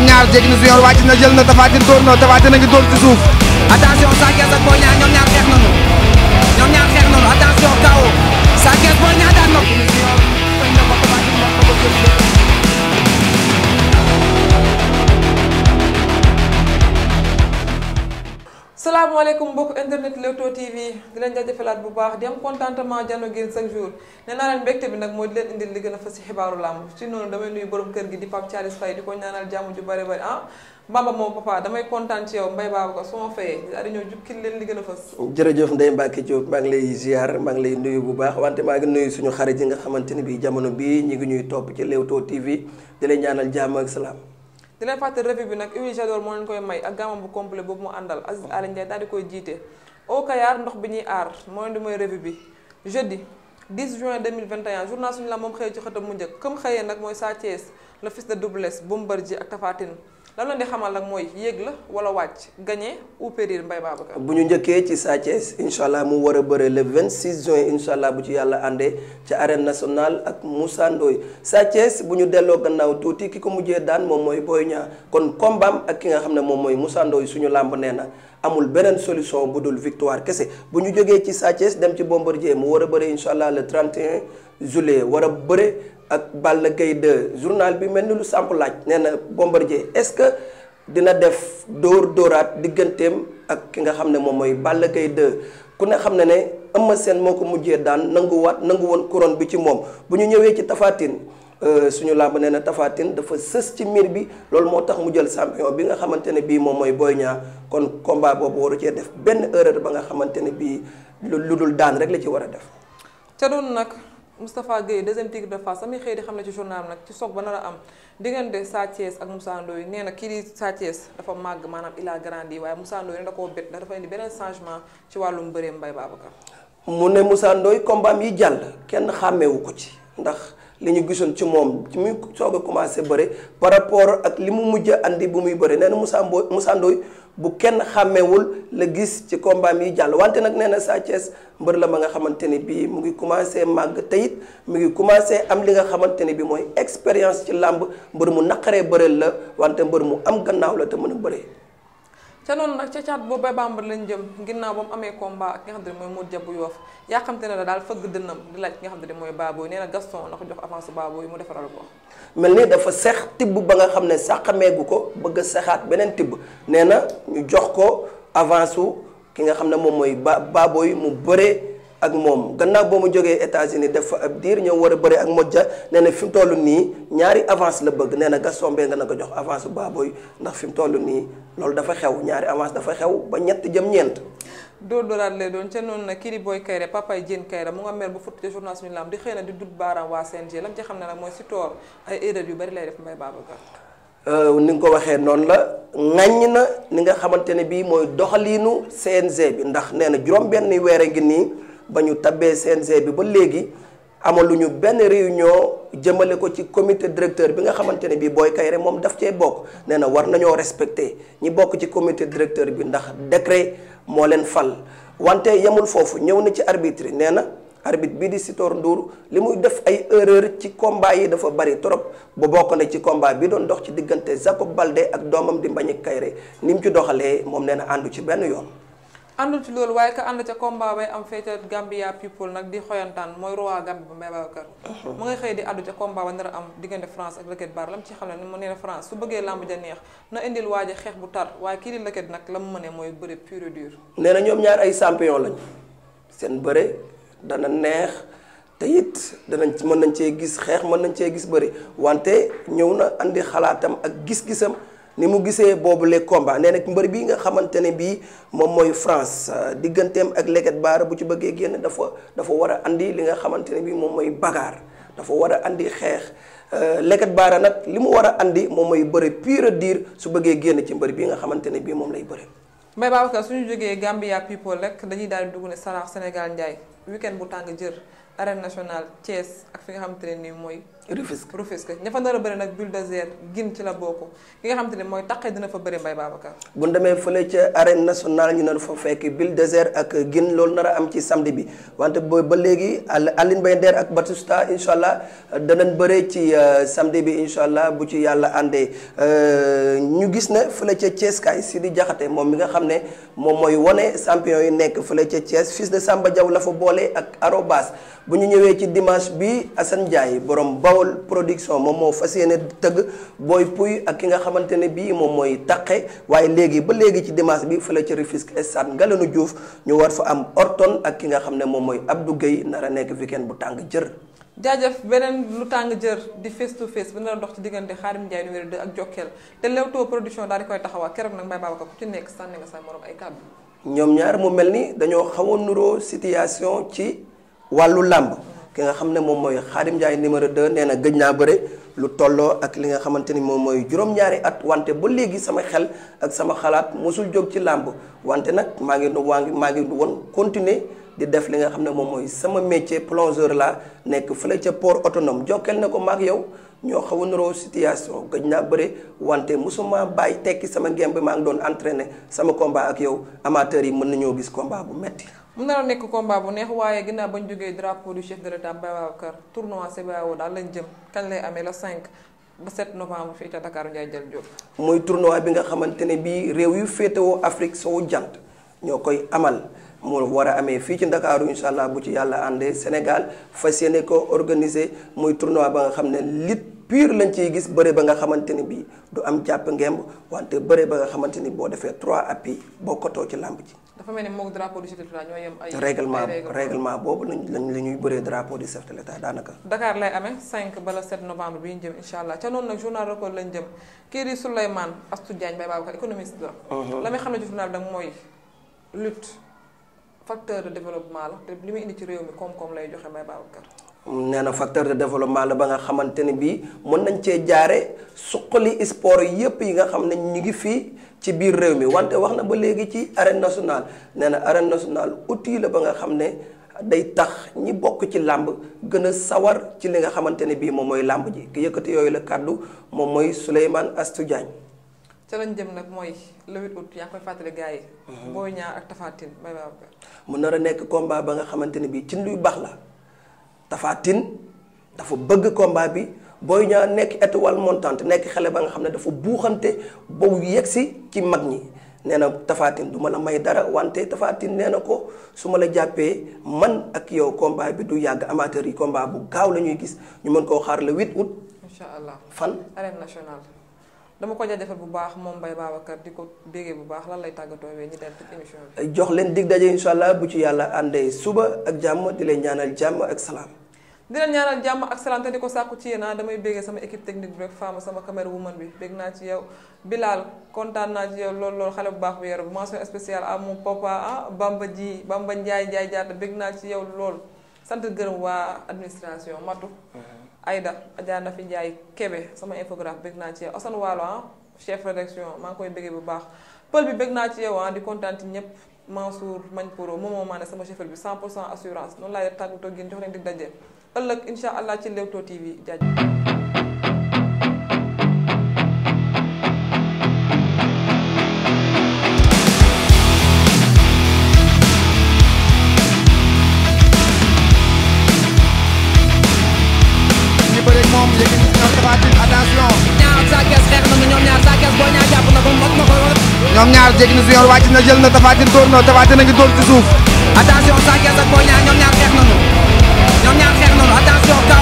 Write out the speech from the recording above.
ñoom na su yor wàcc na jël na Tapha Tine a suuf attention Sa Thiès ak Boy Niang ñoom ñaar xeex nañu ñoom xeex nañu attention kaw Sa Thiès Boy Niang daan na asalaamaaleykum mbokk internet Leewtoo TV di leen jaajëfalaat bu baax di am contentement jano ngeen chaque jour nee naa leen mbégte bi nag mooy di leen indil li gën a fës ci xibaaru làmb ci noonu damay nuyu borom kër gi di Pape Thialis Faye di ko ñaanal jàmm ju bare bari ah Bamba moom papa damay kontaan ci mbay Mbaye ko su ma fayee daal ñëw jukkil leen li gën a fës jërëjëf Ndeye Mbacke Diop maa ngi lay ziar maa ngi lay nuyu bu baax wante maa ngi nuyu suñu xarit yi nga xamante ni bi jamono bii ñu ngi ñuy topp ci Leewtoo TV di leen ñaanal jàmm a salaam di leen fàttali bi nag huile Jador moo leen koy may ak gammam bu complet boobu mu àndal Aziz Aly Ndiaye daal di koy jiite au Kayar ndox bi ñuy aar moo leen di mooy revue bi jeudi 10 juin 2021 journal suñu la moom xëy ci xëtam mu njëkk comme xëyee nag mooy Sa Thiès la fils de Double Less Bombardier ak Tapha Tine lan la di xamal nag mooy yéeg la wala wàcc gagné ou mbay Mbaye Babacar bu ñu njëkkee ci Sa Thiès incha allah mu war a bëre le 26 juin incha allah bu ci yàlla àndee ca arène nationale ak Moussa Ndoye bu ñu delloo gannaaw tuuti ki ko mujjee daan moom mooy Boy Niang kon kombaam ak ki nga xam ne moom mooy Moussa suñu làmb nee na amul beneen solution bu dul victoire kese bu ñu jógee ci Sa dem ci Bombardier mu war a incha allah le 31 Zule wara a bëre ak Balla Gaye 2 journal bi mel ni lu samp laaj nee na Bombardier est-ce que dina def dóor dóoraat digganteem ak ki nga xam ne moom mooy Balla Gaye 2 ku ne xam ne ne Eumeu Sène moo ko mujjee daan nanguwaat nangu woon couronne bi ci moom bu ñu ñëwee ci Tafatine. Euh, suñu làmb nee na tafaatin dafa sës ci miir bi loolu moo tax mu jël champion bi nga xamante ne bii moom mooy Boy ñaa kon combat boobu waru cee def benn erreur ba nga xamante ne bii lu dul daan rek la ci war a def. Moustapha Gueye deuxième tigre de Fass sama xëy di xam ne ci journal nag ci soog ba nar a am diggante Sa Thiès ak Moussa Ndoye nee na kii di Sa Thiès dafa màgg maanaam il grande grandi waaye Moussa ne da koo bett dafa indi beneen changement ci wàllum bëree Mbaye Babacar. mu ne Moussa Ndoye combat yi jàll kenn xàmmeewu ko ci ndax li ñu gisoon ci moom ci muy soog a commencé bëre par rapport ak li mu mujj indi bu muy bëre nee na Moussa Mboy Moussa bu kenn xàmmewul la gis ci combat mi jàll wante nag nee na Sa Thiès mbër la ma nga xamante ni bii mu ngi commencé màgg teyit mu ngi commencé am li nga xamante ni bii mooy expérience ci làmb mbër mu naqaree bëreel la wante mbër mu am gannaaw la te mën a bëree. ca noonu nag ca caat boobu ba bambar lañ jëm ginnaaw ba mu amee combat ak ki nga xam ne mooy Modou Dia bu Yoff yaa ne daal fëgg dënnam di nga xam ne mooy Baboye nee na na ko jox avance Baboye mu ko mel ni dafa sex tibb ba nga xam ne sàqameegu ko bëgg a sexaat beneen tibb nee na ñu jox ko avance ki nga xam ne moom mooy ba yi mu bëree ak moom gannaaw boo mu jógee États-Unis def fa ab diir ñëw war a bëri ak Modja nee na fi mu toll nii ñaari avance la bëgg nee na Gaston Mbengue nga na ko jox avance bu Baboy ndax fi mu toll nii loolu dafa xew ñaari avance dafa xew ba ñett jëm ñeent. dóor dóoraat lay doon ca noonu nag kii di Boy Kayre papay Diène Kayre mu nga mer bu futti ca journal suñu lam di xëy na di dut ne nag mooy si toor ay erreur yu bari lay def Mbaye Babacar. Euh, ni nga ko waxee noonu la ŋàññ na ni nga xamante ne bii mooy doxaliinu CNG bi ndax nee na juróom-benn weer a ngi nii ba ñu tabbee CNG bi ba léegi amaluñu benn réunion jëmbale ko ci comité directeur bi nga xamante ne bii Boy Kayre moom daf cee bokk nee na war nañoo respecté ñi bokk ci comité directeur bi ndax décret moo leen fal wante yemul foofu ñëw na ci arbitre nee na arbitre bii di Sitor Ndour li muy def ay erreur ci combat yi dafa bari trop bu bokk na ci combat bi doon dox ci diggante Jacob Balde ak doomam di Mbagnick Kayre ni mu ci doxalee moom nee na àndu ci benn yoon. àndul ci loolu waaye ka ànd ca combat bay am fee ca Gambia people nag di xoyantaan mooy roi Gambie ba Mbaye Babacar mhm. mu ngay xëy di àddu ca combat ba nar a am diggante France ak Leket Bar lam ci xam ne mu nee France su bëggee làmb ja neex na indil waaje xeex bu tar waaye kii di Leket nag la mu mënee mooy bëre pure dur nee na ñoom ñaar ay champion lañ seen bëre dana neex te it danañ mën nañ cee gis xeex mën nañ cee gis bëre wante ñëw na indi xalaatam ak gis-gisam ni mu gisee boobu le combat nee nag mbër bii nga xamante ne bii moom mooy France euh, digganteem ak Leket Baara bu ci bëggee génn dafa dafa war a andi li nga xamante ne bii moom mooy bagaar dafa war a andi xeex euh, Leket Baara nag li mu war a andi moom mooy bëre pure dire su bëggee génn ci mbër bii nga xamante ne bii moom lay bëre. Mbaye Babacar suñu ñu jógee Gambia people rek dañuy daal di dugg ne Saraax Sénégal Ndiaye weekend bu tàng jër. arène national Thiès ak fi nga xam ne nii mooy. Rufisque Rufisque ña fa nar bëri nag bulldozer gin ci la bokk ki nga xamante ne mooy taqee dina fa bëri Mbaye Babacar. bu ñu demee fële ca arène nationale ñu nar fa fekk bulldozer ak gin loolu nara am ci samedi bi wante booy ba léegi Aline Mbaye Nder ak Batista incha allah danañ bëre ci euh, samedi bi incha allah bu ci yàlla àndee euh, ñu gis ne fële ca Thiès si di Diakhaté moom mi nga xam ne moom mooy wane champion yi nekk fële ca Thiès fils de Samba Diaw la fa boole ak Arobas. bu ñu ñëwee ci dimanche bi Assane Ndiaye borom Bawol production moom moo fas yéene tëgg booy puy ak ki nga xamante ne bii moom mooy taqe waaye léegi ba léegi ci dimanche bi fële ci Rufisque stade Ngalandou Diouf ñu war fa am Orton ak ki nga xam ne moom mooy Abdou Guèye nar a nekk weekend bu tàng jër. jaajëf beneen lu tàng jër di face to face bi nga doon dox ci diggante Xaadim Njaay numéro 2 ak Jokkeel te Leewtoo production daal di koy taxawaa keroog nag Mbaye Babacar ci nekk sànni sa morom ay kàddu. ñoom ñaar mu mel ni dañoo xaw a nuroo situation ci. wàllu làmb ki nga xam ne moom mooy Xaadim Njaay numéro de nee na gëj naa bëre lu tolloo ak li nga xamante ni moom mooy juróom-ñaari at wante ba léegi sama xel ak sama xalaat mosul jóg ci làmb wante nag maa ngi waa ngi maa ngi woon continuer di def li nga xam ne moom mooy sama métier plongeur la nekk la ca port autonome jokkeel na ko ak yow ñoo xaw a niroo situation gëj naa bëre wante mosuma bàyyi tekki sama ngémb maa ngi doon entraîner sama combat ak yow amateur yi mën nañoo gis combat bu metti mu nar a nekk combat bu neex waaye ginnaaw bañ jógee drapeau du chef de l'État Babacar tournoi CBAO daal lañ jëm kañ lay amee la 5 ba 7 novembre fii ca Dakar Ndiaye jël Diop. muy tournoi bi nga xamante ne bii réew yu féetewoo Afrique sowu jant ñoo koy amal. mu war a amee fii ci ndakaaru incha allah bu ci yàlla àndee Sénégal fa yéene ko organiser muy tournoi ba nga xam ne lit pur lañ ciy gis bëre ba nga xamante ne bii du am jàpp ngemb wante bëre ba nga xamante ni boo defee trois appuis bokkatoo ci làmb ji. dafa mel ni moog drapeau du chef de l'État ñoo yem ay. règlement règlement boobu lañ la ñuy bëree drapeau du chef daanaka. Dakar lay amee 5 ba le novembre bi ñu jëm allah ca noonu nag journal record lañ jëm kii di Souleymane Astou Diagne Baye Babacar économiste la. Mhm. la xam ne ci journal bi mooy lutte facteur de la te li muy indi ci réew mi koom-koom lay baa Baye Babacar. nee na facteur de développement la ba nga xamante ne bii mën nañ cee jaare suqali sport yëpp yi nga xam ne ñi ngi fii ci biir réew mi wante wax na ba léegi ci arène nationale nee na arène nationale outil la ba nga xam ne day tax ñi bokk ci làmb gën a sawar ci li nga xamante ne bii moom mooy làmb ji ki yëkkati yooyu la kàddu moo mooy Souleymane Astou Diagne ca lañ jëm nag mooy le 8 août yaa koy fàttali gars yi. Mhm. Boy ñaar ak Tapha Tine bay mu nar a nekk combat ba nga xamante ne bii ci luy baax la. tafaatin dafa bëgg combat bi booy Niang nekk étoile montante nekk xale ba nga xam ne dafa buuxante ba yegsi ci mag ñi nee na Tapha du ma la may dara wante Tapha Tine nee na ko su ma la jàppee man ak yow combat bi du yàgg amateur yi combat bu gaaw la ñuy gis ñu mën koo xaar le 8 août. incha allah fan. arène nationale. dama ko jaajëfal bu baax moom Mbaye Babacar di ko bégee bu baax lan lay tàggatoo wee ñu dem ci émission bi. jox leen dig daje incha allah bu ci yàlla àndee suba ak jàmm di leen ñaanal jàmm ak salaam. di leen ñaanal jàmm ak salaam te di ko sàkku ci yéen ah, damay bégee sama équipe technique bi rek Fama sama caméra woman bi bég naa ci yow Bilal kontaan naa ci yow lool lool xale bu baax bu yaru bu mention spéciale à mon papa ah Bamba ji Bamba Njaay Njaay jaata bég naa ci yow lool sant gërëm waa administration Matu. Mm-hmm. ayda Adja fi Ndiaye Kébé sama infographe bëgg naa ci yow Assane Waalo ah chef rédaction maa ngi koy bëggee bu baax pël bi bëgg naa ci yow ah di kontaan ci ñëpp Mansour Mañporo moom moo maa ne sama chauffeur bi 100% assurance noonu laay def tàggatoo gi jox leen di daje ëllëg incha allah ci Leewtoo TV jaajëf. ñoom ñaar jéggi na junior wàcc na jël na tafaatin dóor na tafaatin a ngi ci suuf attention Sa Thiès ak Boy Niang ñoom ñaar xeex nañu ñoom ñaar xeex nañu attention